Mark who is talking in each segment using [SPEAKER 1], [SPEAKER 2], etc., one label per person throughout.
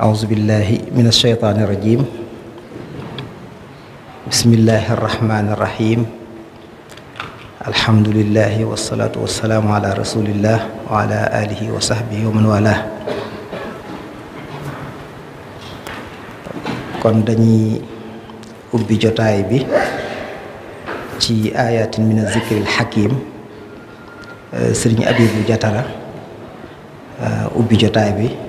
[SPEAKER 1] أعوذ بالله من الشيطان الرجيم بسم الله الرحمن الرحيم الحمد لله والصلاة والسلام على رسول الله وعلى آله وصحبه ومن والاه كون داني أوبي جوتاي بي تي آيات من الذكر الحكيم sëriñ أبي Jatara أوبي جوتاي بي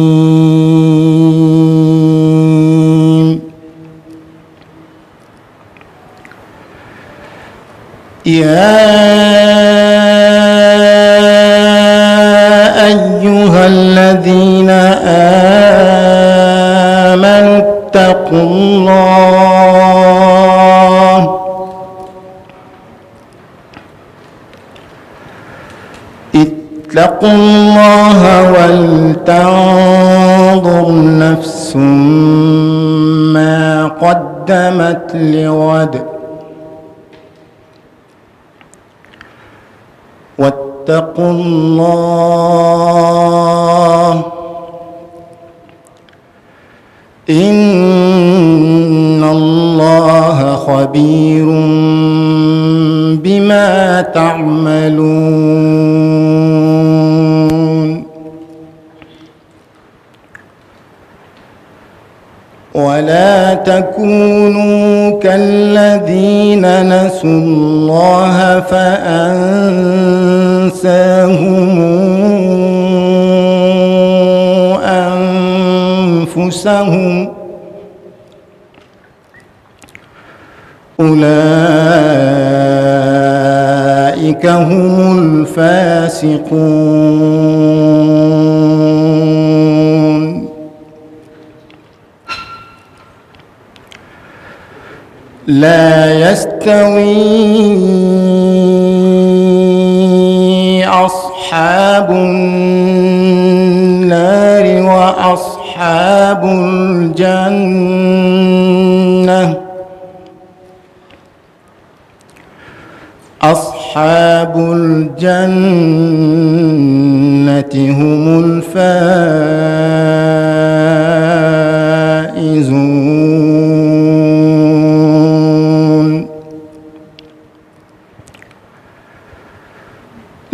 [SPEAKER 2] أيها الذين آمنوا اتقوا الله اتقوا الله ولتنظر نفس ما قدمت لغد واتقوا الله إن الله خبير بما تعملون ولا تكونوا كالذين نسوا الله فأنساهم أنفسهم أولئك هم الفاسقون لا يستوي أصحاب النار وأصحاب الجنة أصحاب الجنة هم الفائزون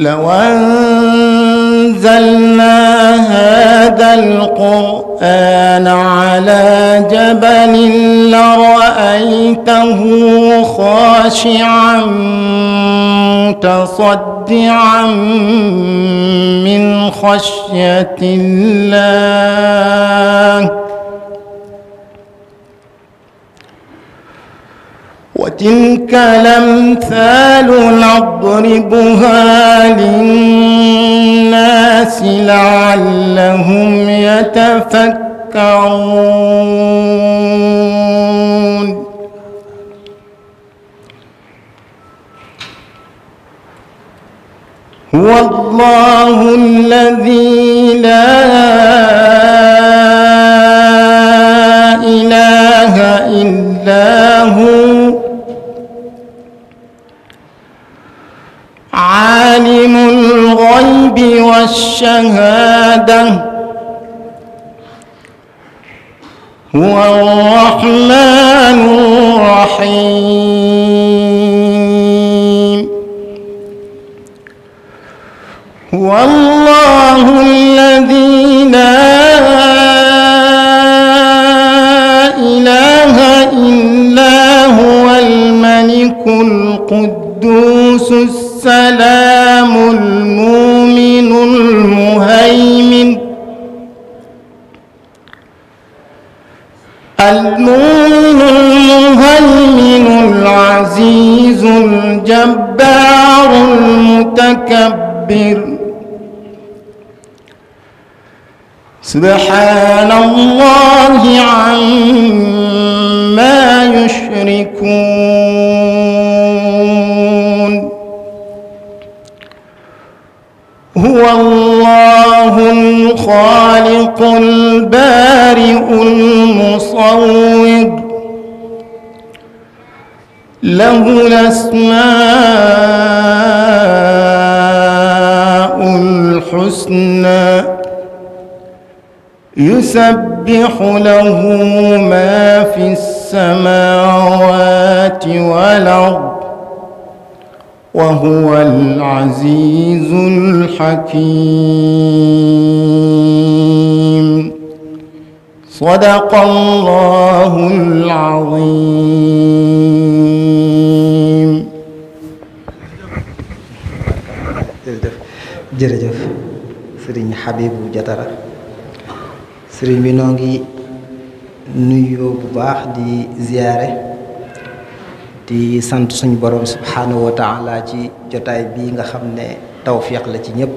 [SPEAKER 2] لو أنزلنا هذا القرآن على جبل لرأيته خاشعا متصدعا من خشية الله تلك الأمثال نضربها للناس لعلهم يتفكرون هو الله الذي لا إله إلا هو عالم الغيب والشهادة هو الرحمن الرحيم هو الله الذي لا إله إلا هو الملك القدوس السلام المؤمن المهيمن العزيز الجبار المتكبر
[SPEAKER 3] سبحان
[SPEAKER 2] الله عما يشركون يسبح له ما في السماوات والأرض وهو العزيز الحكيم صدق الله
[SPEAKER 1] العظيم جرجف jërëjëf حبيب Habibou sëriñ bi noo ngi nuyoo bu baax di ziyaare di sant suñu borom subhanahu wa ci jotaay bii nga xam ne tawfiq la ci ñëpp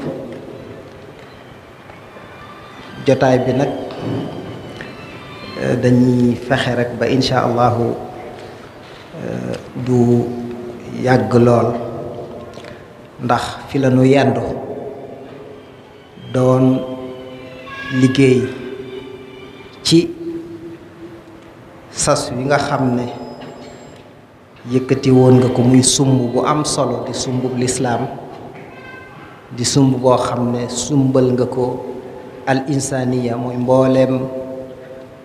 [SPEAKER 1] jotaay bi nag dañuy fexe rek ba incha allahu du yàgg lool ndax fi la ñu yendu doon liggéey sas wi nga xamne yëkëti won woon nga ko muy sumbu bu am solo di sumbu l'islam di sumbu bo xamne sumbal nga ko al insaniya moy mbollem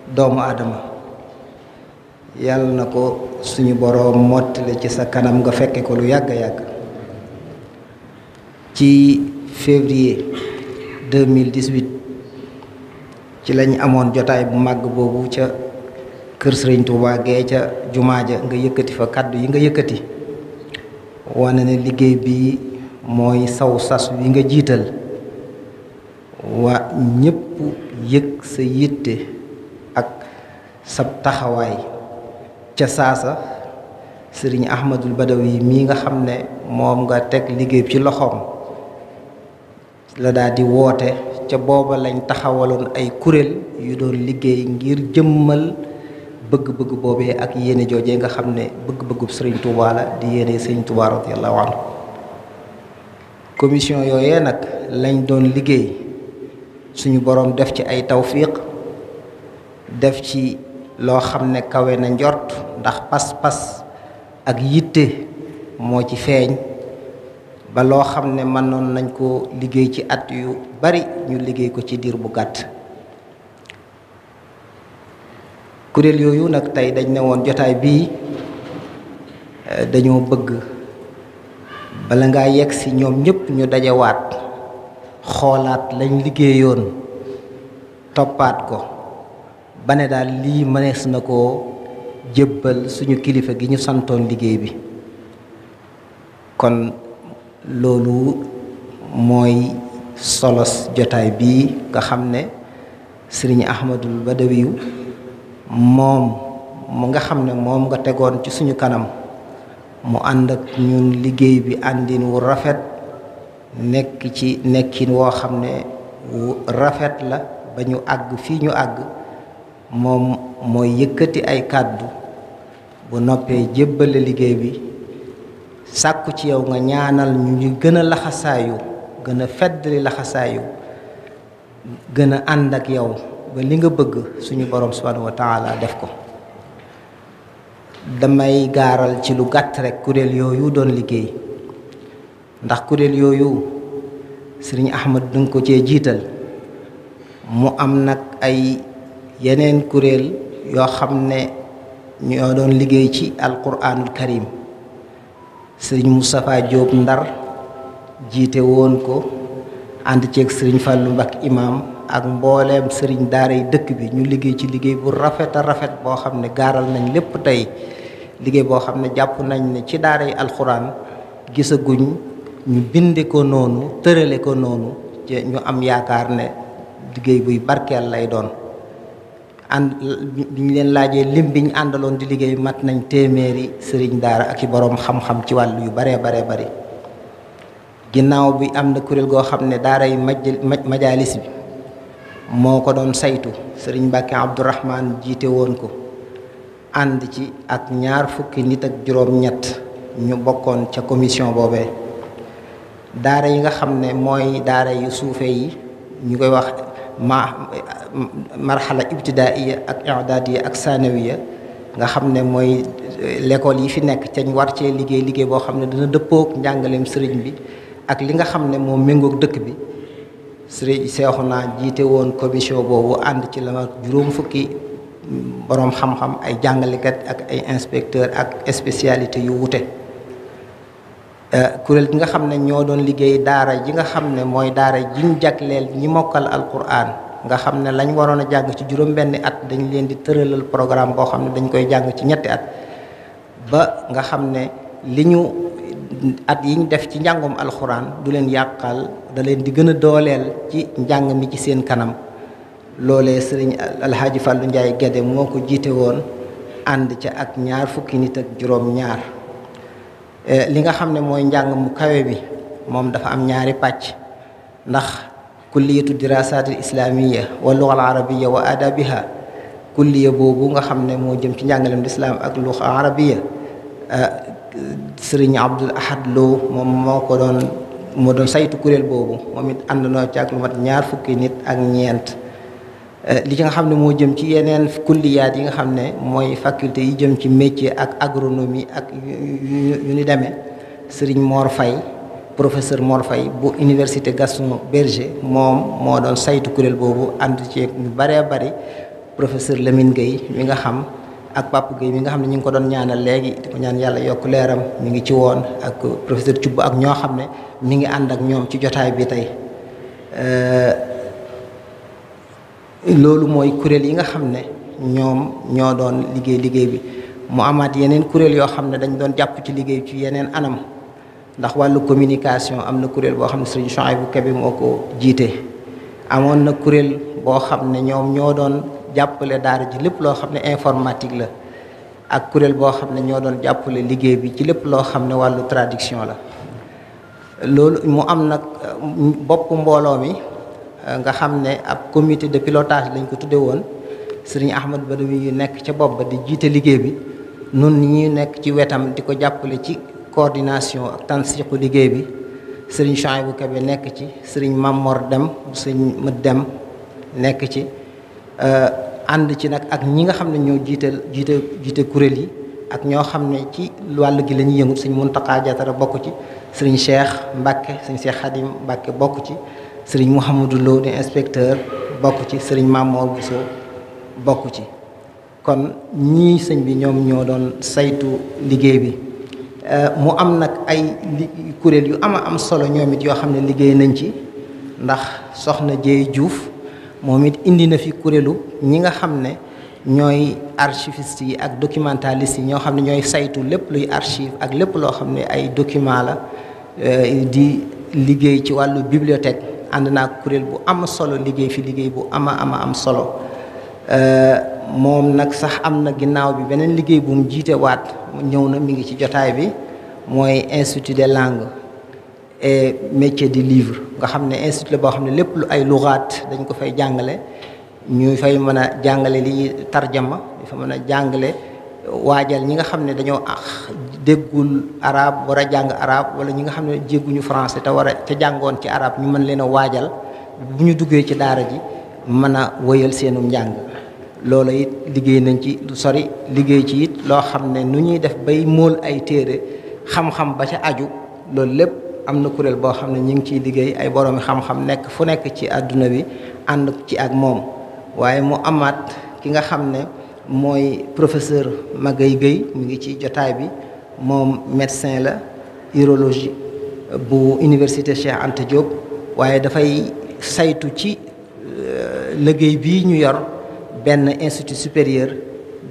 [SPEAKER 1] doomu adama yalla nako suñu borom motale ci sa kanam nga fekke ko lu yag yag ci février 2018 ci lañ amone jotay bu mag bobu ci kër sëriñ Touba gee ca jumaa ja nga yëkkati fa kàddu yi nga yëkkati wane ne liggéey bi mooy saw sas wi nga jiital waa ñépp yëg sa yitte ak sab taxawaay ca saasa sëriñ Ahmadul Badawi mii nga xam ne moom nga teg liggéey bi ci loxoom la daldi woote ca booba lañ taxawaloon ay kuréel yu doon liggéey ngir jëmmal bëgg-bëgg boobee ak yéene joojee nga xam ne bëgg-bëggub sëriñ Touba di yéene sëriñ Touba radiyallahu anhu commission yooyee nag lañ doon liggéey suñu boroom def ci ay tawfiq def ci loo xam ne kawe na njort ndax pas-pas ak yitte moo ci feeñ ba loo xam ne mënoon nañ ko liggéey ci at yu bari ñu liggéey ko ci diir bu gàtt kuréel yooyu nag tey dañ ne woon jotaay bii eh, dañoo bëgg bala ngaa yegg si ñoom ñëpp ñu dajewaat xoolaat lañ liggéeyoon toppaat ko ba ne daal lii mënees na ko jébbal suñu kilifa gi ñu santoon liggéey bi kon loolu mooy solos jotaay bii nga xam ne sëriñ Ahmadul Badawiyu moom mu nga xam ne moom nga tegoon ci suñu kanam mu ànd ak ñun liggéey bi àndin wu rafet nekk ci nekkin woo xam ne wu rafet la ba ñu àgg fii ñu àgg moom mooy yëkkati ay kàddu bu noppee jébbale liggéey bi sàkku ci yow nga ñaanal ñu ñu gën a laxasaayu gën a feddali laxasaayu gën a ànd ak yow ba li nga bëgg suñu borom subhanahu wa taala def ko damay gaaral ci lu gàtt rek kuréel yooyu doon liggéey ndax kuréel yooyu sëriñ Ahmad danga ko cee jiital mu am nag ay yeneen kuréel yoo xam ne ñoo doon liggéey ci alquranul karim sëriñ Moustapha Diop Ndar jiite woon ko ànd ceeg sëriñ Fallou Mbak imam ak mbooleem sëriñ daara yi dëkk bi ñu liggéey ci liggéey bu rafet rafet boo xam ne gaaral nañ lépp tey liggéey boo xam ne jàpp nañ ne ci daara yi alxuraan gisaguñ ñu binde ko noonu tërale ko noonu ñu am yaakaar ne liggéey buy barkeel lay doon ànd biñ leen laajee lim biñ àndaloon di liggéey mat nañ téeméeri sëriñ daara ak i boroom xam-xam ci wàll yu baree baree bari ginnaaw bi am na kuréel goo xam ne daara yi bi moo ko doon saytu sëriñ Mbàkke Abdourahman jiite woon ko ànd ci ak ñaar fukki nit ak juróom-ñett ñu bokkoon ca commission boobee daara yi nga xam ne mooy daara yi suufe yi ñu koy wax ma marxala ibtidaaiya ak i'daadiya ak sanawiya nga xam ne mooy eh, lekkool yi fi nekk ca ñu war cee liggéey liggéey boo xam ne dina dëppook njàngaleem sëriñ bi ak li nga xam ne moo méngook dëkk bi sëriñ naa jiite woon commission boobu ànd ci la juróom fukki boroom xam-xam ay jàngalekat ak ay inspecteur ak spécialité yu wute euh, kuréel gi nga xam ne ñoo doon liggéey daara ji nga xam ne mooy daara jiñ jagleel ñi mokkal alquran nga xam ne lañ waroon a jàng ci juróom benni at dañ leen di tëralal programme boo xam ne dañ koy jàng ci ñetti at ba nga xam ne li ñu at yiñ def ci njàngum alxuraan du leen yàqal da leen di gën a dooleel ci njàng mi ci seen kanam loole sëriñ alxaaji Fàllu Njaay Gede moo ko jiite woon ànd ca ak ñaar fukki nit ak juróom ñaar eh, li nga xam ne mooy njàng mu kawe bi moom dafa am ñaari pàcc ndax kulliyatu dirasaat al islaamiya wa luxa al arabiya wa adabiha kulliya boobu nga xam ne moo jëm ci njàngalem lislaam ak luxa arabiya eh, sëriñ Abdul Ahad moom moo ko doon moo doon saytu kuréel boobu moom it ànd noo ci ak lu ñaar fukki nit ak ñeent eh, li nga xam ne moo jëm ci yeneen kulliyaat yi nga xam ne mooy faculté yi jëm ci métier ak agronomie ak yu ni demee sëriñ Mor Faye professeur Mor Faye bu université Gaston Berger moom moo doon saytu kuréel boobu ànd ci ñu baree bari professeur Lamine mi nga xam ak Pape Gueye mi nga xam ne ñu ngi ko doon ñaanal léegi ko ñaan yàlla yokk leeram mi ngi ci woon ak professeur ak ñoo xam ne mi ngi ànd ak ñoom ci jotaay bi tey euh, loolu mooy kuréel yi nga xam ne ñoom ñoo doon liggéey liggéey bi mu amaat yeneen kuréel yoo xam ne dañ doon jàpp ci liggéey ci yeneen anam ndax wàllu communication am na kuréel boo xam ne sëriñ Chouaïbou Kébé moo ko jiite amoon na kuréel boo xam ne ñoom ñoo doon jàppale daar ji lépp loo xam ne informatique la ak kuréel boo xam ne ñoo doon jàppale liggéey bi ci lépp loo xam ne wàllu traduction la loolu mu am nag euh, bopp mbooloo mi euh, nga xam ne ab comité de pilotage lañ ko tudde woon sëriñ Ahmad Badawi yu nekk ca bopp ba di jiite liggéey bi nun ñuy nekk ci wetam di ko jàppale ci coordination ak tansiqu liggéey bi sëriñ Chouaïbou Kebe nekk ci sëriñ Mamor Dem sëriñ Mët Dem nekk ci Euh, ànd ci nag ak ñi nga xam ne ñoo jiiteel jiite jiite kuréel yi ak ñoo xam ne ci wàll gi la yëngut sëñ Muntaqa Jatara bokk ci sëriñ Cheikh Mbacke sëñ Cheikh Khadim Mbacke bokk ci sëriñ Mouhamadou Lo di inspecteur bokk ci sëriñ Mamour Bousso bokk ci kon ñii sëñ bi ñoom ñoo doon saytu liggéey bi euh, mu am nag ay kuréel yu ama am solo ñoom it yoo xam ne liggéey nañ ci ndax soxna Jéey Juuf moom it indi na fi kuréelu ñi nga xam ne ñooy archiviste yi ak documentaliste yi ñoo xam ne ñooy saytu lépp luy archive ak lépp loo xam ne ay document la euh, di liggéey ci wàllu bibliothèque ànd naa kuréel bu am solo liggéey fi liggéey bu ama ama am solo euh, moom nag sax am na ginnaaw bi beneen liggéey bu mu jiite waat ñëw na mi ngi ci jotaay bi mooy institut de langues et métier du livre nga xam ne institut la boo xam ne lépp lu ay luxaat dañ ko fay jàngale ñu fay mën a jàngale li tarjama di fa mën a jàngale waajal ñi nga xam ne dañoo déggul arab war a jàng arab wala ñi nga xam ne jégguñu français te war a te jàngoon ci araab ñu mën leen a waajal bu ñu duggee ci daara ji mën a woyal seenu njàng loola it liggéey nañ ci lu sori liggéey ci it loo xam ne nu ñuy def bay móol ay téere xam-xam ba ca aju loolu lépp am na kuréel boo xam ne ñu ngi ciy liggéey ay boroomi xam-xam nekk fu nekk ci àdduna bi ànd ci ak moom waaye mu amaat ki nga xam ne mooy professeur Magaye Gueye mu ngi ci jotaay bi moom médecin la urologie bu université Cheikh Anta Diop waaye dafay saytu ci euh, léggéey bi ñu yor benn institut supérieur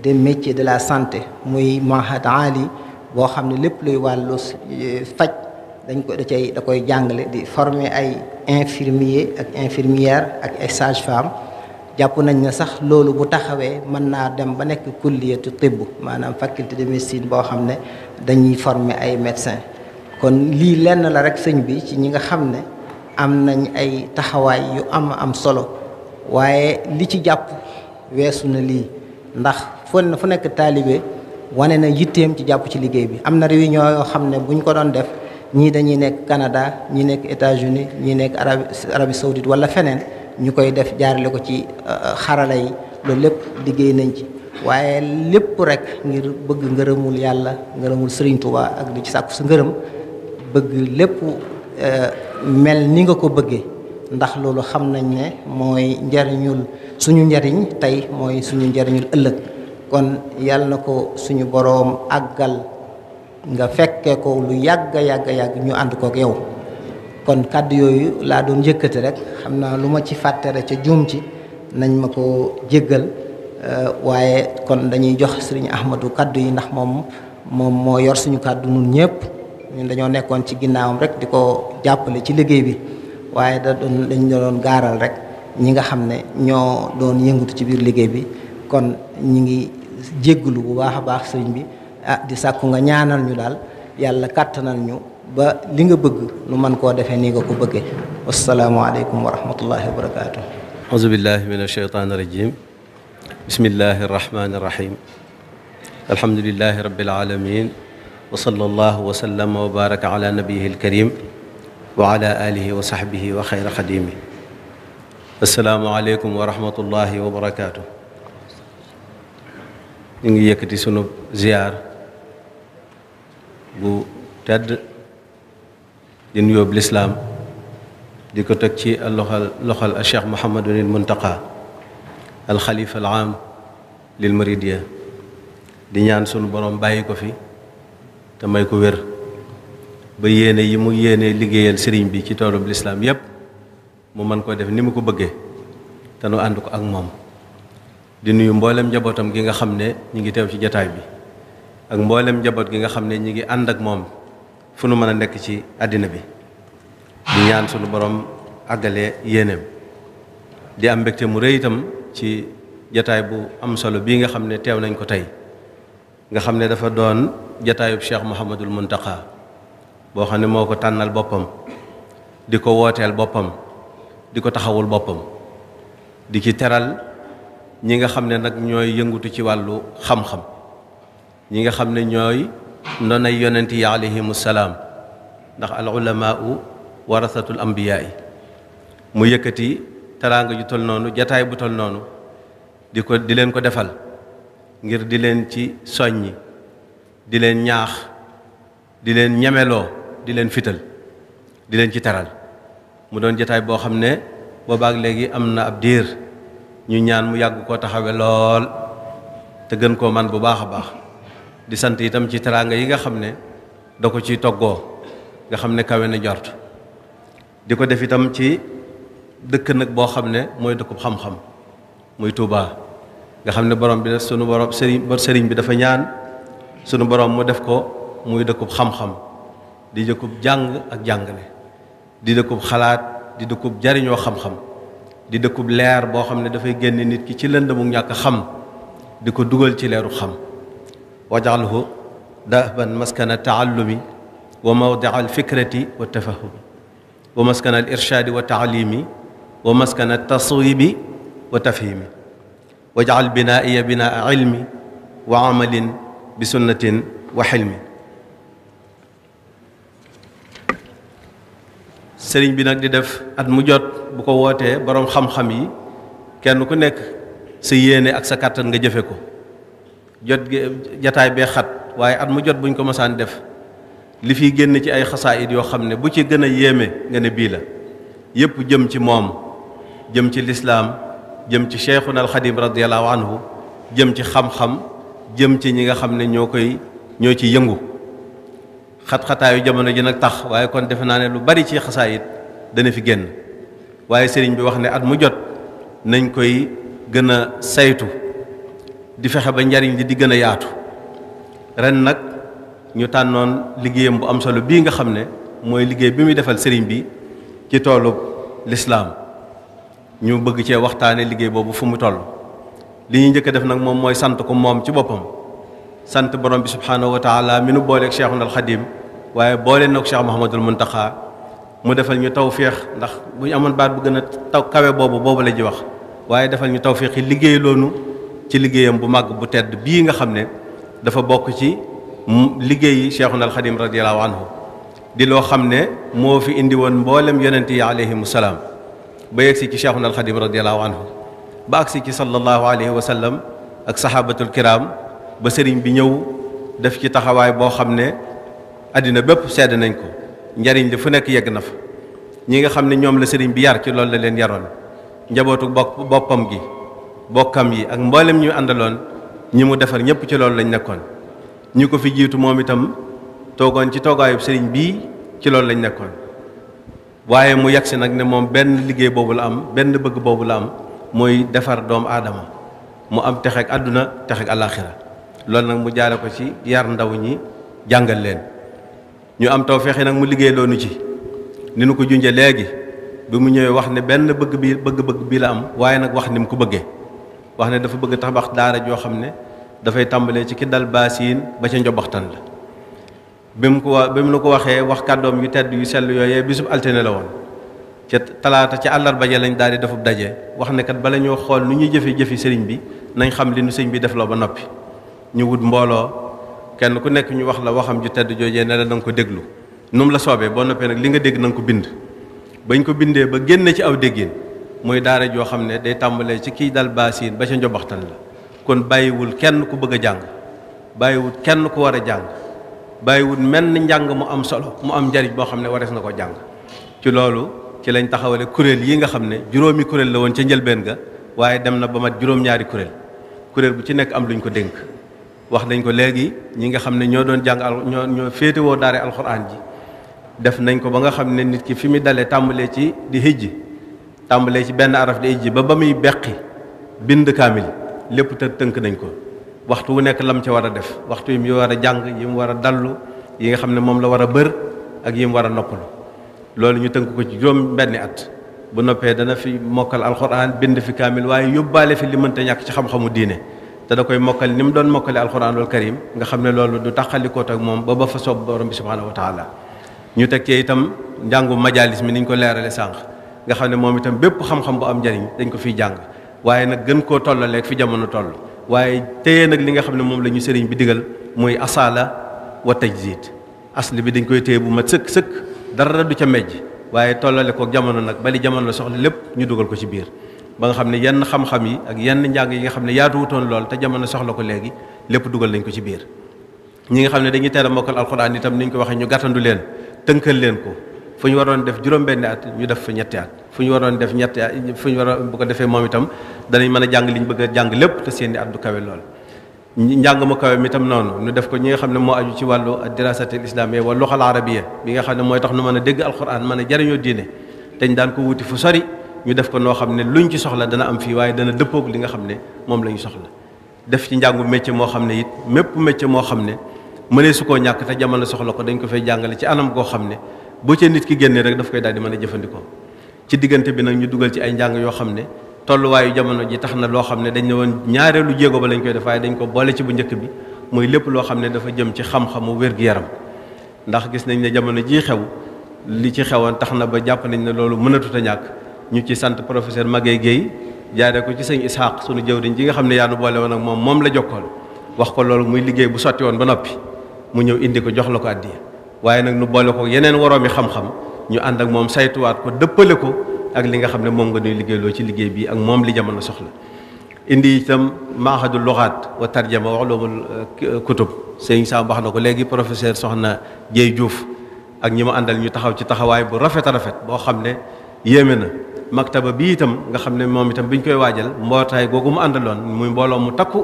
[SPEAKER 1] de métier de la santé muy mahad ali boo xam ne lépp luy wàllu euh, faj dañ ko da cay da koy jàngale di former ay infirmier ak infirmière ak ay sage jàpp nañ ne sax loolu bu taxawee mën naa dem ba nekk kulliyatu tibb maanaam faculté de médecine boo xam ne dañuy former ay médecins kon lii lenn la rek sëñ bi ci ñi nga xam ne am nañ ay taxawaay yu am am solo waaye li ci jàpp weesu na lii ndax fu fu nekk taalibe wane na yitteem ci jàpp ci liggéey bi am na réunion yoo xam ne buñ ko doon def ñii dañuy nekk Canada ñii nekk États-Unis ñii nekk Arabie Arabie Saoudite wala feneen ñu koy def jaarale ko ci euh, xarala yi loolu lépp liggéey nañ ci waaye lépp rekk ngir bëgg ngërëmul yàlla ngërëmul Serigne Touba ak di ci sàkku su ngërëm bëgg lépp euh, mel ni nga ko bëggee ndax loolu xam nañ ne mooy njariñul suñu njariñ tey mooy suñu njariñul ëllëg kon yàlla na ko suñu boroom àggal nga fekkee ko lu yàgg yàgg yàgg ñu ànd kook yow kon kàddu yooyu laa doon yëkkati rek xam naa lu ma ci fàttere ca juum ci nañ ma ko jéggal euh, waaye kon dañuy jox sëriñ Ahmadou kàddu yi ndax moom moom moo yor suñu kàddu nun ñëpp ñun dañoo nekkoon ci ginnaawam rek di ko jàppale ci liggéey bi waaye da doon dañ doon gaaral rek ñi nga xam ne ñoo doon yëngatu ci biir liggéey bi kon ñi ngi jégglu bu baax a baax sëriñ bi ah di sàkku nga ñaanal ñu daal yàlla kàttanal ñu ba li nga bëgg nu man koo defee nii nga ko bëggee wasalaamualeykum wa rahmatullahi wa barakaatu
[SPEAKER 3] auzu billahi min alcheytaan rajim bismillahi arrahmani arrahim alhamdulilahi rabbil alamin wa sallallahu wa sallama wa baraka ala nabiyihi alkarim wa ala alihi wa sahbihi wa xayra xadimi asalaamualeykum wa rahmatullahi wa barakaatu ñu ngi yëkkati sunu ziyaar bu tedd di nuyoo l'islam di ko tek ci loxal loxal cheikh mohamadunil muntaqa al khalifa al am lil maridia di ñaan sunu borom bàyyi ko fi te may ko ne ba yene yi mu yene liggéeyal serigne bi ci toolub l'islam yeb mu man ko def ni mu ko bëggee te nu ko ak mom di nuyu mbollem njabotam gi nga xamne ñi ngi tew ci jotaay bi ak mboolem njaboot gi nga xam ne ñi ngi ànd ak moom fu nu mën a nekk ci àddina bi di ñaan sunu borom àggale yéeneem di am mbégte mu rëy itam ci jataay bu am solo bii nga xam ne teew nañ ko tey nga xam ne dafa doon jataayub Cheikh Mouhamadul Mountakha boo xam ne moo ko tànnal boppam di ko wooteel boppam di ko taxawul boppam di ci teral ñi nga xam ne nag ñooy yëngutu ci wàllu xam-xam ñi nga xam ne ñooy ndonay yonent yi alayhimu salaam ndax al ulamaau warasatul ambiyaay mu yëkkati teraanga ju tol noonu jataay bu tol noonu di ko di leen ko defal ngir di leen ci soññi di leen ñaax di leen ñemeloo di leen fital di leen ci teral mu doon jataay boo xam ne boobaak léegi am na ab diir ñu ñaan mu yàgg koo taxawe lool te gën koo man bu baax a baax di sant itam ci teraanga yi nga xam ne da ko ciy toggoo nga xam ne kawe na jort di ko def itam ci dëkk nag boo xam ne mooy dëkkub xam-xam muy Touba nga xam ne borom bi def sunu borom sëriñ bi dafa ñaan sunu borom mu def ko muy dëkkub xam-xam di dëkkub jàng ak jàngale di dëkkub xalaat di dëkkub jariñoo xam-xam di dëkkub leer boo xam ne dafay génn nit ki ci lënd lëndëmu ñàkk xam di ko dugal ci leeru xam واجعله دأبا مسكن التعلم وموضع الفكرة والتفهم ومسكن الإرشاد والتعليم ومسكن التصويب والتفهيم واجعل بنائي بناء علم وعمل بسنة وحلم سرين bi nag di def at mu jot bu ko wootee boroom xam-xam nga jot gi jataay bee xat waaye at mu jot buñ ko mosaan def li fiy génn ci ay xasaa it yoo xam ne bu ci gën a yéeme nga ne bii la yépp jëm ci moom jëm ci lislaam jëm ci cheikhuna alxadim radiallahu anhu jëm ci xam-xam jëm ci ñi nga xam ne ñoo koy ñoo ci yëngu xat-xataayu jamono ji nag tax waaye kon defe naa ne lu bari ci xasaayit dana fi génn waaye sëriñ bi wax ne at mu jot nañ koy gën a saytu di fexe ba njariñ li di gëna yaatu ren nak ñu tannon liggéeyam bu am solo bi nga xamné moy mooy liggéey bi mi defal sëriñ bi ci toolu l'islam ñu bëgg ci waxtaane liggéey bobu fu mu toll li ñu jëk def nak mom moy sant ko mom ci bopam sant borom bi subhanahu wa taala mi nu booleeg al khadim waye boole na cheikh mohammedul muntaha mu defal ñu tawféex ndax bu ñu amoon baat bu gëna taw kawe bobu bobu la ji wax waye defal ñu tawféex yi liggéey loonu ci liggéeyam bu mag bu tedd bi nga xamne dafa bok ci liggéeyi Cheikhuna al khadim radiyallahu anhu di lo xamne mo fi indi won mbollem yonnati alayhi alayhimu ba yegsi ci Cheikhuna al khadim radiyallahu anhu ba agsi ci sallallahu alayhi wa sallam ak sahabatul kiram ba serigne bi ñëw def ci taxaway bo xamne adina bépp sedd nañ ko njariñ li fu yegg na fa ñi nga xamne ñom la serigne bi yar ci loolu la leen yaron njabootu bopam gi bokkam yi ak mboolem ñu àndaloon ñi mu defar ñëpp ci loolu lañ nekkoon ñi ko fi jiitu moom itam toogoon ci toogaayub sëriñ bii ci loolu lañ nekkoon waaye mu yegsi nag ne moom benn liggéey boobu la am benn bëgg boobu la am mooy defar doomu aadama mu am texeeg àdduna texeeg àllaaxira loolu nag mu jaare ko ci yar ndaw ñi jàngal leen ñu am taw fexe nag mu liggéey loonu ci ni nu ko junje léegi bi mu ñëwee wax ne benn bëgg bi bëgg-bëgg bi la am waaye nag wax ni mu ko bëggee wax ne dafa bëgg tabax daara joo xam ne dafay tàmbalee ci ki dal baasiin ba ca njobaxtan la bi mu ko wa bi mu la ko waxee wax kàddoom yu tedd yu sell yooyee bisub altine la woon ca talaata ca àllarba ja lañ daal di defub daje wax ne kat bala ñoo xool nu ñuy jëfe jëfi sëriñ bi nañ xam li nu sëriñ bi def la ba noppi ñu wut mbooloo kenn ku nekk ñu wax la waxam ju tedd joojee ne la na nga ko déglu nu mu la soobee boo noppee nag li nga dégg na nga ko bind bañ ko bindee ba génn ci aw déggin mooy daare joo xam ne day tàmbalee ci kiy dal baasiin ba ca njobaxtan la kon bàyyiwul kenn ku bëgg a jàng bàyyiwul kenn ku war a jàng bàyyiwul menn njàng mu am solo mu am njariñ boo xam ne warees na ko jàng ci loolu ci lañ taxawale kuréel yi nga xam ne juróomi kuréel la woon ca njëlbeen ga waaye dem na ba mat juróom-ñaari kuréel kuréel bu ci nekk am luñ ko dénk wax nañ ko léegi ñi nga xam ne ñoo doon jàng ñoo ñoo féetewoo daara alxuraan ji def nañ ko ba nga xam ne nit ki fi mu dalee tàmbalee ci di hijji tambalé ci ben araf day ji ba ba muy bind kamil lépp te teunk nañ ko waxtu wu nek lam ci wara def waxtu yim mu wara jàng yim wara war dallu yi nga xamne mom la wara beur ak yim wara war a noppalu loolu ñu teunk ko ci joom benni at bu noppé dana fi mokal alquran bind fi kamil waye yobale fi li mënta ñàkk ci xam-xamu diine da dakoy mokal nim mu doon mokkale alxuraanul karim nga xamne lolou du takhaliko tak mom ba ba fa sob borom bi subhaanahu wa taala ñu teg ci itam njàngu majalis mi niñ ko leralé sank nga xamne ne moom itam bépp xam-xam bu am jariñ dañ ko fi jàng waye nak gën koo tollaleeg fi jamono toll waye téye nak li nga xamne mom lañu sëriñ bi digal moy asala wa tajzid asli bi dañ koy téye bu ma sëkk sëkk dara du ca mejj waye tollale ko jamono nak bali jamono soxla lépp ñu duggal ko ci biir ba nga xamne yenn xam-xam yi ak yenn jang yi nga xamne yaatu wuton lool te jamono soxla ko legi lépp duggal nañ ko ci biir ñi nga xamne dañuy téra mokal alquran itam ni ñu ko waxe ñu gàttandu leen tënkal leen ko fu ñu waroon def juróom-benni at ñu def fa ñetti at fu ñu waroon def ñetti at fu ñu waroon bu ko defee moom itam danañ mën a jàng liñ bëgg a jàng lépp te seen i du kawe lool. njàng mu kawe mi itam noonu ñu def ko ñi nga xam ne moo aju ci wàllu dirasatil islamiyya wala luxal arabiyya bi nga xam ne mooy tax nu mën a dégg alquran mën a jariñoo diine dañ daan ko wuti fu sori ñu def ko noo xam ne lu luñ ci soxla dana am fii waaye dana dëppoog li nga xam ne moom la ñu soxla def ci njàngu métier moo xam ne it mépp métier moo xam ne mënee su koo ñàkk te jamono soxla ko dañ ko fay jàngale ci anam goo xam ne bu ca nit ki génnee rek dafa koy daal di mën a jëfandikoo ci diggante bi nag ñu dugal ci ay njàng yoo xam ne tolluwaayu jamono ji tax na loo xam ne dañu ne woon ñaareelu jéego ba lañ koy def waaye dañ ko boole ci bu njëkk bi mooy lépp loo xam ne dafa jëm ci xam-xamu wér-gu-yaram ndax gis nañ ne jamono jii xew li ci xewoon tax na ba jàpp nañ ne loolu mënatut a ñàkk ñu ci sant professeur Maguette Guèye jaaree ko ci sëñ Ishaq sunu jëwriñ ji nga xam ne yaa nu boole woon ak moom moom la jokkool wax ko loolu muy liggéey bu sotti woon ba noppi mu ñëw indi ko jox la ko waaye nag nu boole ko yeneen waroomi xam-xam ñu ànd ak moom saytuwaat ko dëppale ko ak li nga xam ne moom nga nuy liggéeyloo ci liggéey bi ak moom li jamono soxla indi itam mahadul luxaat wa tarjama wax loomul euh, kutub sëñ Sam wax na ko léegi professeur soxna Dieye juuf ak ñi ma àndal ñu taxaw ci taxawaay bu rafet a rafet boo xam ne yéeme na maktaba bi itam nga xam ne moom itam bi ñu koy waajal mbootaay googu mu àndaloon muy mbooloo mu takku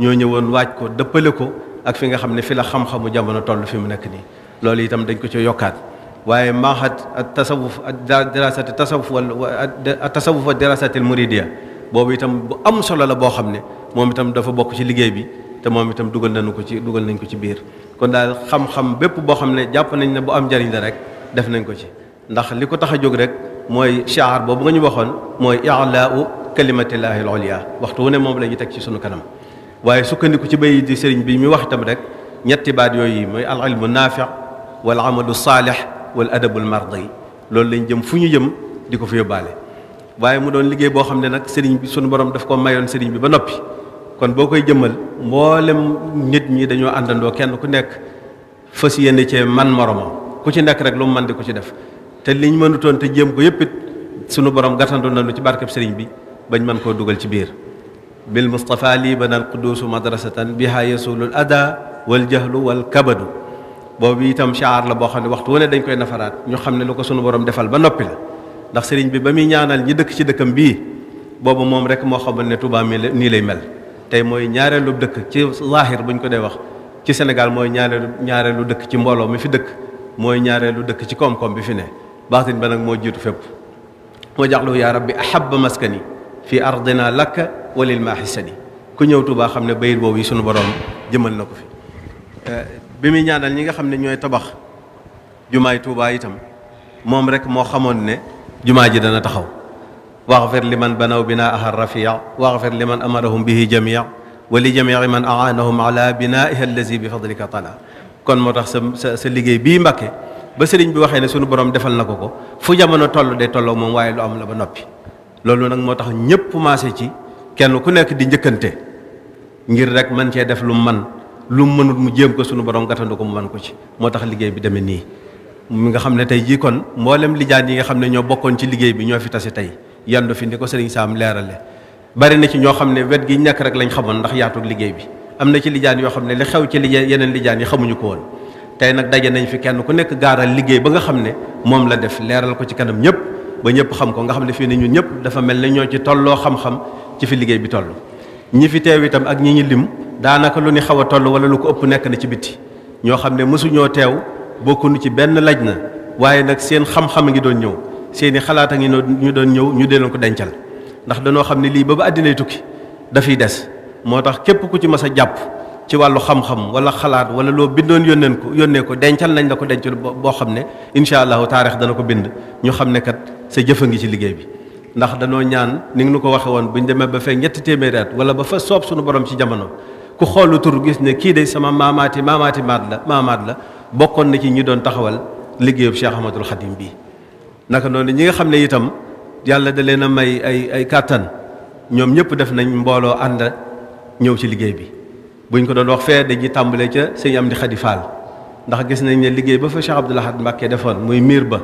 [SPEAKER 3] ñoo ñëwoon waaj ko dëppale ko ak fi xam ne fi la xam jamono toll fi mu nekk nii loolu itam dañ ko ci yokkaat waaye maaxat at tasawuf ak dirasati tasawuf wala at tasawuf wa dirasati al muridiya boobu itam bu am solo la boo xam ne moom itam dafa bokk ci liggéey bi te moom itam dugal nañu ko ci dugal nañ ko ci biir kon daal xam-xam bépp boo xam ne jàpp nañ ne bu am njariñ la rek def nañ ko ci ndax li ko tax a jóg rek mooy shaar boobu nga ñu waxoon mooy ilaau kalimatillahi al ulia waxtu wu ne moom la ñu teg ci sunu kanam waaye sukkandiku ci bay di sëriñ bi mi wax itam rek ñetti baat yooyu mooy al ilmu naafiq wal amalu saalix wal adabul mardi loolu lañ jëm fu ñu jëm di ko fa yóbbaale mu doon liggéey boo xam ne nag sëriñ bi sunu borom daf ko mayoon sëriñ bi ba noppi kon boo koy jëmmal mboolem nit ñi dañoo àndandoo kenn ku nekk fas yéene cee man moromam ku ci nekk rek lu mu man di ko ci def te liñ mënutoon te jéem ko yëpp sunu borom gàttandu nañu ci barkeb sëriñ bi bañ mën koo dugal ci biir bil mustafa lii bana al madrasatan biha yasulu ada wal jahlu wal kabadu boobu itam chaar la boo xam ne waxtu wu dañ koy nafaraat ñu xam ne lu ko suñu borom defal ba noppi la ndax sëriñ bi ba muy ñaanal ñi dëkk ci dëkkam bii boobu moom rek moo xamoon ne Touba mi nii lay mel tey mooy ñaareelu dëkk ci zaahir buñ ko dee wax ci Sénégal mooy ñaareelu ñaareelu dëkk ci mbooloo mi fi dëkk mooy ñaareelu dëkk ci koom-koom bi fi ne baatin ba nag moo jiitu fépp moo jaxlu yaa rabbi ahaba maskani fi ardina lakka walil maaxisani ku ñëw Touba xam ne bayit boobu yi suñu borom jëmal na ko fi bi muy ñaanal ñi nga xam ne ñooy tabax jumaay Tuubaa itam moom rek moo xamoon ne jumaa ji dana taxaw waxfir li man banaw binaaha rafia waxfir li man amarahum bihi jamia wa li jamii man aanahum ala binaiha allazi bi fadlika tala kon moo tax sa sa sa liggéey bii Mbàkke ba sëriñ bi waxee ne sunu borom defal na ko ko fu jamono toll day tolloo moom waaye lu am la ba noppi loolu nag moo tax ñëpp maase ci kenn ku nekk di njëkkante ngir rek man cee def lu man lu mu mënut mu jéem ko sunu borom gàttandu ko mu man ko ci moo tax liggéey bi demee nii mi nga xam ne tey jii kon mboolem lijaan yi nga xam ne ñoo bokkoon ci liggéey bi ñoo fi tasi tey yandu fi ni ko sëriñ Saam leerale bari na ci ñoo xam ne wet ñàkk rek lañ xamoon ndax yaatu liggéey bi am na ci lijaan yoo xam ne li xew ci liggéey yeneen lijaan yi xamuñu ko woon tey nag daje nañ fi kenn ku nekk gaaral liggéey ba nga xam ne moom la def leeral ko ci kanam ñëpp ba ñëpp xam ko nga xam ne fii ne ñun ñëpp dafa mel ne ñoo ci tolloo xam-xam ci fi liggéey bi toll ñi fi teew itam daanaka lu ni xaw a toll wala lu ko ëpp nekk na ci bitti ñoo xam ne mësuñoo teew bokkuñu ci benn laj na waaye nag seen xam-xam a ngi doon ñëw seeni xalaat a ngi ñu doon ñëw ñu deeloon ko dencal ndax danoo xam ne lii ba ba àddinay tukki des moo tax képp ku ci mas a jàpp ci wàllu xam wala xalaat wala loo bindoon yónneen ko yónnee ko dencal nañ la ko dencal boo xam ne incha allahu taarix dana ko bind ñu xam ne kat sa jëfa ngi ci liggéey bi ndax danoo ñaan ni nga nu ko waxe woon bu ñu demee ba fee ñetti téeméeraat at wala ba fa soob suñu borom ci jamono ku xoolu tur gis ne kii day sama maamaati maamaati maat la maamaat la bokkoon na ci ñi doon taxawal liggéeyub Cheikh Ahmadul Xadim bi naka noonu ñi nga xam ne itam yàlla da leen a may ay ay kàttan ñoom ñëpp def nañ mbooloo ànd ñëw ci liggéey bi buñ ko doon wax fee dañuy tàmbalee ca sëñ Amdi Xadi Faal ndax gis nañ ne liggéey ba fa Cheikh Abdoul Ahad Mbacké defoon muy miir ba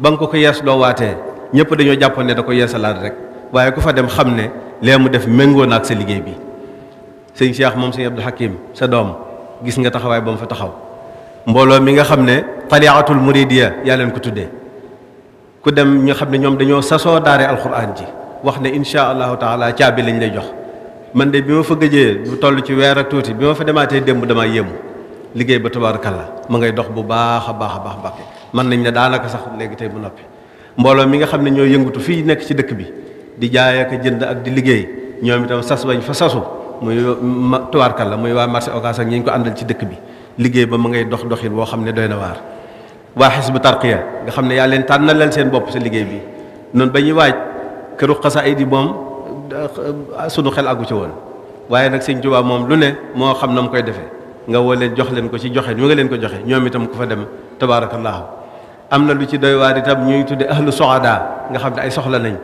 [SPEAKER 3] ba nga ko ko yees loo waatee ñëpp dañoo jàppoon ne da ko yeesalaat rek waaye ku fa dem xam ne lee mu def méngoo na sa liggéey bi sëñ Cheikh moom sëñ Abdou Hakim sa doom gis nga taxawaay ba mu fa taxaw mbooloo mi nga xam ne taliatul muridiya yaa leen ko tuddee ku dem ñu xam ne ñoom dañoo sasoo daare alxuraan ji wax ne incha allahu taala caabi lañ lay jox man de bi ma fa gëjee bu toll ci weer ak tuuti bi ma fa demaatee démb damaa yéemu liggéey ba tabaarakalla mu ngay dox bu baax a baax a baax baax mën nañ ne daanaka sax léegi tey bu noppi mbooloo mi nga xam ne ñoo yëngatu fii nekk ci dëkk bi di jaay ak jënd ak di liggéey ñoom itam sas bañ fa sasu muy tubaarkal la muy waa marché occas ak ñi ñu ko àndal ci dëkk bi liggéey ba mu ngay dox doxin woo xam ne doy na waar waa xisbu tarqiya nga xam ne yaa leen tànnalal seen bopp sa liggéey bi noonu ba ñu waaj këru xasaayid yi moom euh, sunu xel àggu ci woon waaye nag sëñ Tuubaa moom lu ne moo xam na mu koy defee nga woo leen jox leen ko ci joxe ñu nga leen ko joxe ñoom itam ku fa dem tabaarakallaahu am na lu ci doy waar itam ñuy tudde ahlu soxadaa nga xam ne ay soxla nañ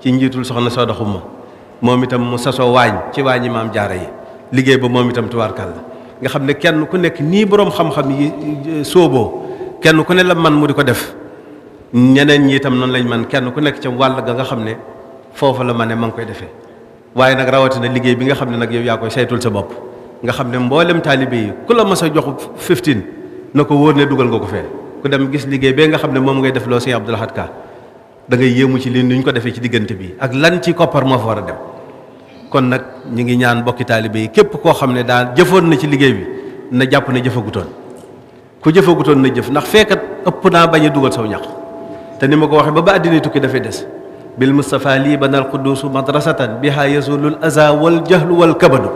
[SPEAKER 3] ci njiitul soxna soo doxuma moom itam mu sasoo waañ ci waañi maam jaara yi liggéey ba moom itam tubaarkàlla nga xam ne kenn ku nekk nii boroom xam-xam yi sooboo kenn ku ne la man mu di ko def ñeneen ñi itam noonu lañ man kenn ku nekk ci wàll ga nga xam ne foofu la ma ne ma ngi koy defee waaye nag rawatina liggéey bi nga xam ne nag yow yaa koy saytul sa bopp nga xam ne mboolem taalibe yi ku la mas a jox fifteen na ko wóor ne dugal nga ko fee ku dem gis liggéey bee nga xam ne moom ngay def loo sëñ Abdou Lahad da ngay yéemu ci li ñu ko defee ci diggante bi ak lan ci koppar moo war a dem kon nak ñi ngi ñaan bokki talibé képp ko xamné ne daal jëfoon na ci liggéey bi na jàpp na jëfagutoon ku jëfagutoon na jëf ndax feekat ëpp na bañu duggal saw ñax te nima ko waxé ba ba àddina tukki dafa dess bil mustafa lii banal qudus madrasatan biha al aza wal jahl wal kabadu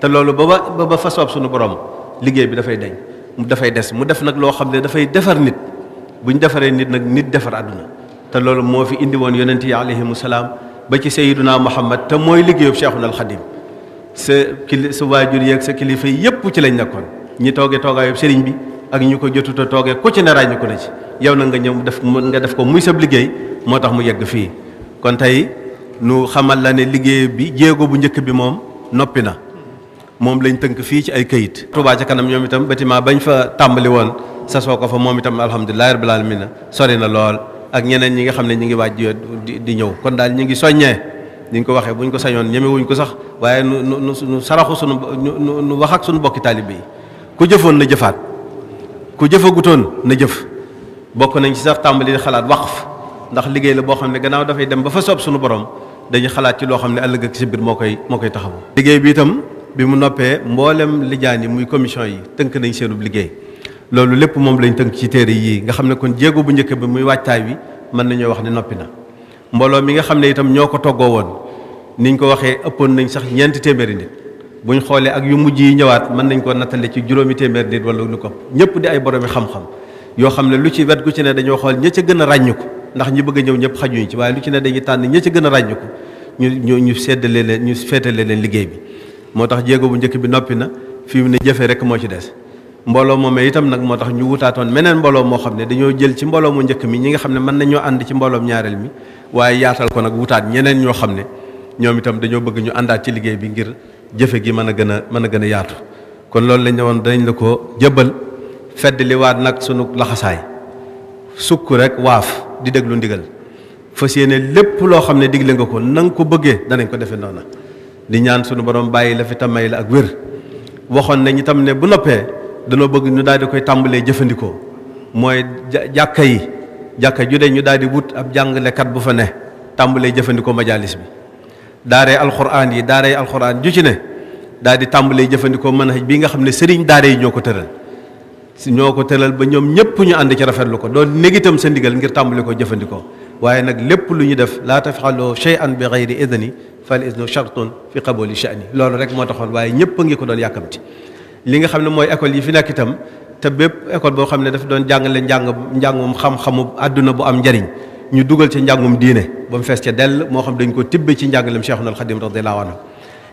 [SPEAKER 3] te lolu ba ba ba fasop suñu borom liggéey bi dafay deñ dafay dess mu def nak lo xamné dafay defar nit buñ défaré nit nak nit defar aduna te lolu mo fi indi won yonnati alayhi salam ba ci Seydina Muhammad te mooy liggéeyub Cheikhul Khadim sa kili sa waajur yeeg sa kilifa yépp ci lañ nekkoon ñi toogee toogaayub sëriñ bi ak ñu ko jotuta toogee ku ci ne ràññu ko na ci yow na nga ñëw def nga def ko muy sab liggéey moo tax mu yegg fii kon tey nu xamal la ne liggéey bi jéego bu njëkk bi moom noppi na moom lañ tënk fii ci ay këyit Touba ca kanam ñoom itam bâtiment bañ fa tàmbali woon sasoo ko fa moom itam alhamdulilahi rabbil alamin sori na lool ak ñeneen ñi nga xam ne ñu ngi waaj di ñëw kon daal ñu ngi soññee ni ñu ko waxee bu ñu ko sañoon ñeme ko sax waaye nu nu nu saraxu sunu nu wax ak sunu bokki taalibe yi ku jëfoon na jëfaat ku jëfagutoon na jëf bokk nañ ci sax tàmbali xalaat waqf ndax liggéey la boo xam ne gannaaw dafay dem ba fa soob sunu borom dañuy xalaat ci loo xam ne ëllëg ak si biir moo koy moo koy taxawu. liggéey bi itam bi mu noppee mboolem lijaan yi muy commission yi tënk nañ seenub liggéey. loolu lépp moom lañ tënk ci téere yii nga xam ne kon jéego bu njëkk bi muy waajtaay wi mën nañoo wax ne noppi na mbooloo mi nga xam ne itam ñoo ko toggoo woon ni ñu ko waxee ëppoon nañ sax ñeenti téeméeri nit buñ xoolee ak yu mujj yi ñëwaat mën nañ ko nattale ci juróomi téeméeri nit wala lu ko ñëpp di ay boroomi xam-xam yoo xam ne lu ci wet gu ci ne dañoo xool ña ca gën a ràññiku ndax ñi bëgg a ñëw ñëpp xajuñu ci waaye lu ci ne dañuy tànn ña ca gën a ràññiku ñu ñu ñu séddale leen ñu féetale leen liggéey bi moo tax jéego bu njëkk bi noppi na fi mu ne jëfe moo ci des mbooloo moomee itam nak motax ñu wutaatoon menen mbolo mo xam ne dañoo jël ci mbolo mu ñëk mi ñi nga xam man nañu and ci mbolo ñaareel mi waye yaatal ko nak wutaat ñeneen ño xam ne ñoom itam dañoo bëgg ñu àndaat ci liggéey bi ngir jëfé gi mëna gëna mëna gëna yaatu kon loolu lañ ne dañ la ko jëbbal fedd li waat nak suñu laxasaay sukk rek waaf di déglu ndigal fas yéene lépp loo xam ne digle nga ko na nga ko bëggee danañ ko defe noona di ñaan suñu borom bàyyi la fi tamay la ak wér waxoon nañ itam ne bu noppee danoo bëgg ñu daal di koy tàmbalee jëfandikoo mooy jàkka yi jàkka ju de ñu daal di wut ab jàngalekat bu fa ne tàmbalee jëfandikoo majalis bi daaree alxuraan yi daaree alxuraan ju ci ne daal di tàmbalee jëfandikoo manhaj bi nga xam ne sëriñ daare yi ñoo ko tëral si ñoo ko tëral ba ñoom ñëpp ñu ànd ci rafetlu ko doon négitam sa ndigal ngir tàmbali ko jëfandikoo waaye nag lépp lu ñu def laata laa tafxalu shay'an bi ghayri idni fal idnu shartun fi qabuli sha'ni loolu rek moo taxoon waaye ñëpp ngi ko doon yàkkamti li nga xamne moy école yi fi nek itam te bépp école bo xamne dafa doon jangal jangale jang jangum njàngum xam-xamu aduna bu am jariñ ñu duggal ci jangum diine bu mu fess ci del mo xam dañ ko tibbe ci njàngalem Cheikhul Khadim radhiyallahu anhu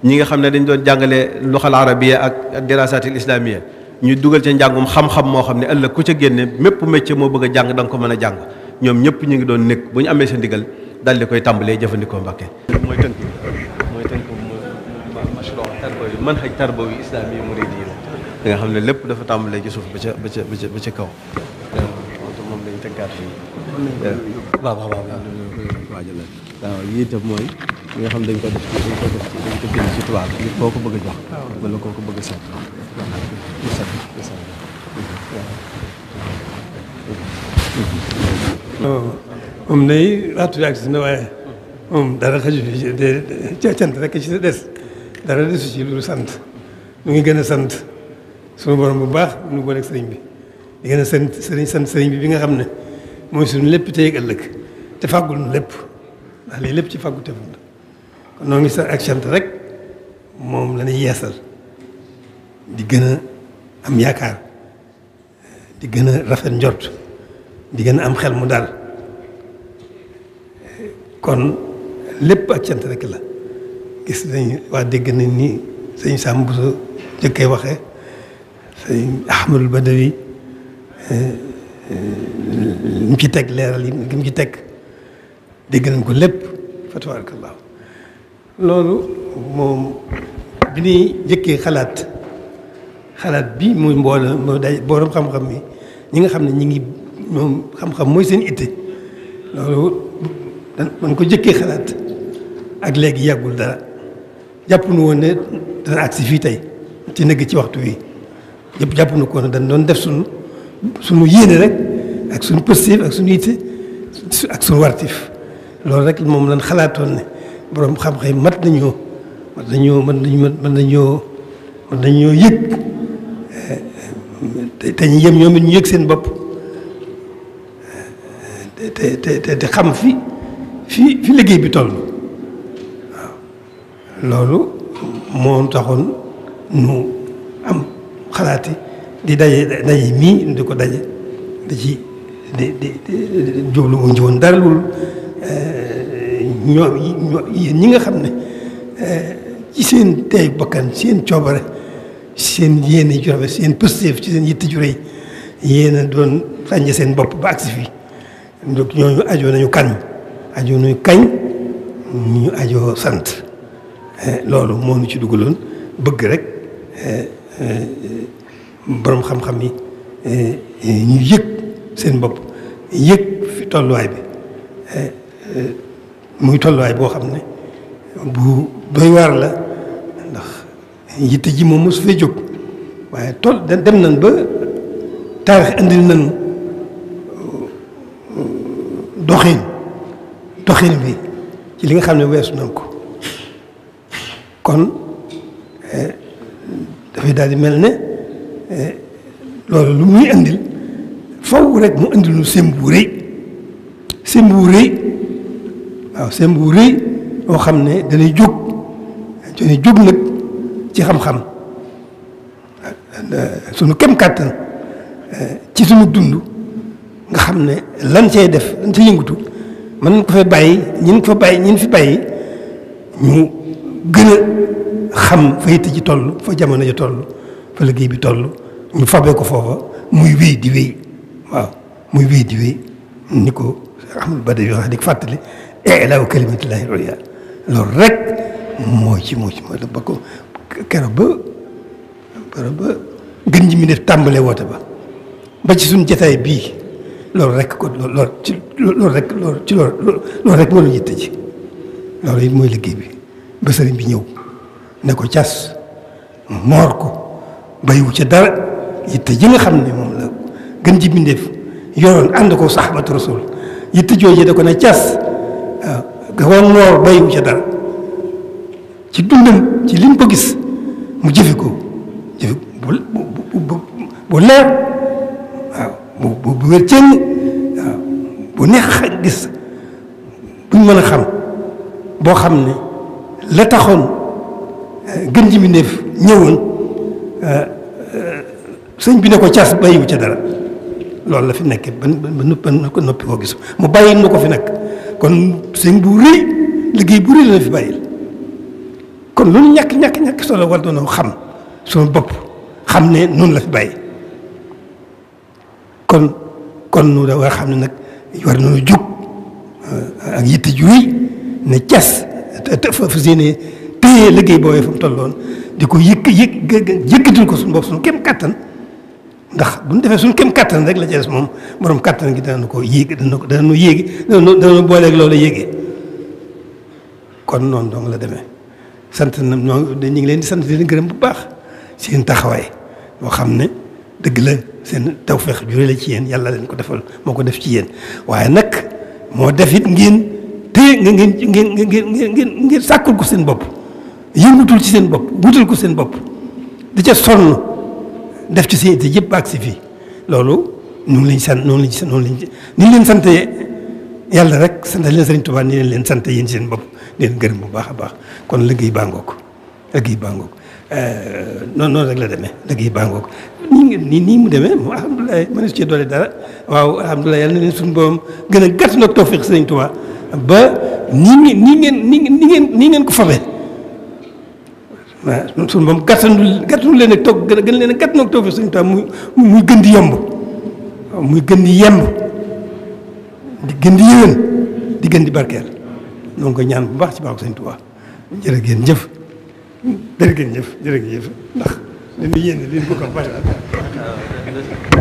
[SPEAKER 3] ñi nga xamne dañ doon jàngale luxal arabiyya ak dirasatil islamiyya ñu duggal ci jangum xam xam-xam mo xamne ne ku ci génne mépp métier mo bëgg jàng da ko mëna jàng ñom ñëpp ñi ngi doon nek bu ñu amee sa ndigal daal di koy tàmbalee jëfandikoo mbàkke moy tënk mooy tënk manhaj tarbawi man tarbawi islamiyya muridiyya da nga xam ne lépp dafa tàmbalee ci suuf ba ca ba ca ba ca kaw. moom lañ tëggaat fii. waaw waaw waaw waajal yii itam mooy nga xam dañ ko def ci dañ ko def ci dañ ko bind ci tubaab nit a jox. wala ko bëgg a seet. waaw
[SPEAKER 4] de sant mu ngi gën a sant. sunu borom bu baax nu booleeg sëriñ bi di gën a sant sëriñ sant sëriñ bi bi nga xam ne mooy suñu lépp tey ak ëllëg te fàggul nu lépp lépp ci fàggu teful la kon ngi sax ak sant rek moom la yeesal di gën a am yaakaar di gën a rafet njort di gën a am xel mu daal kon lépp ak cant rek la gis nañ wax dégg nañ ni sëñ Samb bu sa jëkkee waxee أحمد البدوي نمشي تك لير نمشي تك دغن نكو لب فتبارك الله لولو موم بني جيكي خلات خلات بي موي مبول بوروم خام خام نيغا خامني نيغي موم خام خام موي سين ايتي لولو من كو جيكي خلات اك ليك ياغول دا جابنو وني في تي نغي وقت وي yëpp jàpp na ko ne dañ doon def su suñu yéene rek ak suñu positif ak suñu yitte ak suñu wartif loolu rek moom lañ xalaatoon ne borom xam-xam mat nañoo mat nañoo mën nañu mën nañoo mën nañoo yëg eh, te te ñu yem seen bopp eh, te te xam fi fi fi liggéey bi toll waaw loolu moo taxoon nu am. xalaati di daje daje mii indi ko daje di ci di di jublu wuñ ci woon dara loolu eh, ñi nga xam ne eh, ci seen tey bakkan seen coobare seen yéene ju rafet seen pësteef ci seen yitte ju rëy yéen a doon ràññe seen bopp ba agsi fii donc ñooñu ajoo nañu kañ ajoo nañu kañ ñu ajoo sant eh, loolu moo ñu ci dugaloon bëgg rek Euh, euh, boroom xam-xam yi euh, ñu yëg seen bopp yëg fi tolluwaay bi muy tolluwaay boo xam ne bu doy waar la ndax yitte ji moom mosu fee jóg waaye toll dem nañ ba taarix indil nañu doxin doxin bi ci li nga xam ne weesu nañ ko kon dafay daal di mel ne eh, loolu lu muy andil faw rek mu andil nu sémb bu rëy sémb bu waaw sémb bu rëy boo xam ne danay jóg danay jóg nag ci xam-xam sunu kem kàttan eh, ci sunu dund nga xam ne lan cay def lan cay yëngutu mën nañ ko fa bàyyi ñin ko fa bàyyi ñin fi bàyyi ñu gën xam fa yitte ji toll fa jamono ji toll fa liggéey bi toll ñu fabee ko foofa muy wéy di wéy waaw muy wéy di wéy ni ko amul ba day wax di fàttali eelaaw kalimatillahi ulya loolu rek moo ci moo ci moo ba ko keroog ba keroog ba woote ba ba ci suñu jataay bii loolu rek ko loolu ci loolu ci loolu mooy liggéey bi ba sëriñ bi ñëw ne cas mu moor ko bayiwu ca dara yitte ji nga xam ni moom la gën ji bindeef yoroon koo ko saxaabatu rasul yitte jooju da ko ne cas waaw ga ko moor bayiwu ca dara ci dundam ci lim ko gis mu jëfe ko jëfe bu bu bu leer waaw bu bu wér gis buñ mën a xam boo xam ne la gën ji mbindéef ñëwoon euh, euh, sëñ bi ne ko cas bàyyiwu ca dara loolu la fi nekk ba ba noppi koo gis mu bàyyi nu ko fi nag kon sëñ bu rëy liggéey bu rëy la fi bàyyil kon lu ñàkk ñàkk ñàkk solo war doonoo xam sunu bopp xam ne nun la fi bàyyi kon kon nu da war xam ne nag war nañu jóg euh, ak yitte ju ne cas te fa fas yéene téye liggéey booyee fa mu tolloon di ko yëkk yëkk yëkkatil ko suñu bopp suñu kem kattan ndax bu ñu defee suñu kem kattan rek la ci moom borom kattan gi danañu ko yéeg dana ko danañu yéegi danañu danañu booleeg loolu yéegee kon noonu dong la demee sant na ñoo ñu ngi leen di sant di gërëm bu baax seen taxawaay loo xam ne dëgg la seen tawfeex jure la ci yéen yàlla leen ko defoon moo ko def ci yéen waaye nag moo def it ngeen téye ngeen ngeen ngeen ngeen ko seen bopp. yëngutul ci seen bopp wutal ko seen bopp di ca sonn def ci seen te yëpp ak si fii loolu ñu ngi leen sant noonu lañ sant noonu lañ ni ñu leen sant yàlla rek sant leen Sëriñ Tuubaa ni leen leen sant yéen seen bopp leen gërëm baax a baax kon liggéey baa ngoog liggéey baa ngoog euh, noonu noonu rek la demee liggéey baa ngoog nii nii nii mu demee moom dara waaw alhamdulilah yàlla na leen suñu borom gën a gàtt nag tawfiq Sëriñ Tuubaa ba nii nii ngeen nii ngeen nii ngeen ko fabee waaw suñu moom gàttandu gàttandu leen ak toog gën gën leen ak gàttandu ak toog muy muy gën di yomb waaw muy gën di yemb di gën di di gën barkeel ñoo ngi ñaan bu baax ci baaxu Sëñ Tuubaa jërë ngeen jëf jërë ngeen jëf jërë ngeen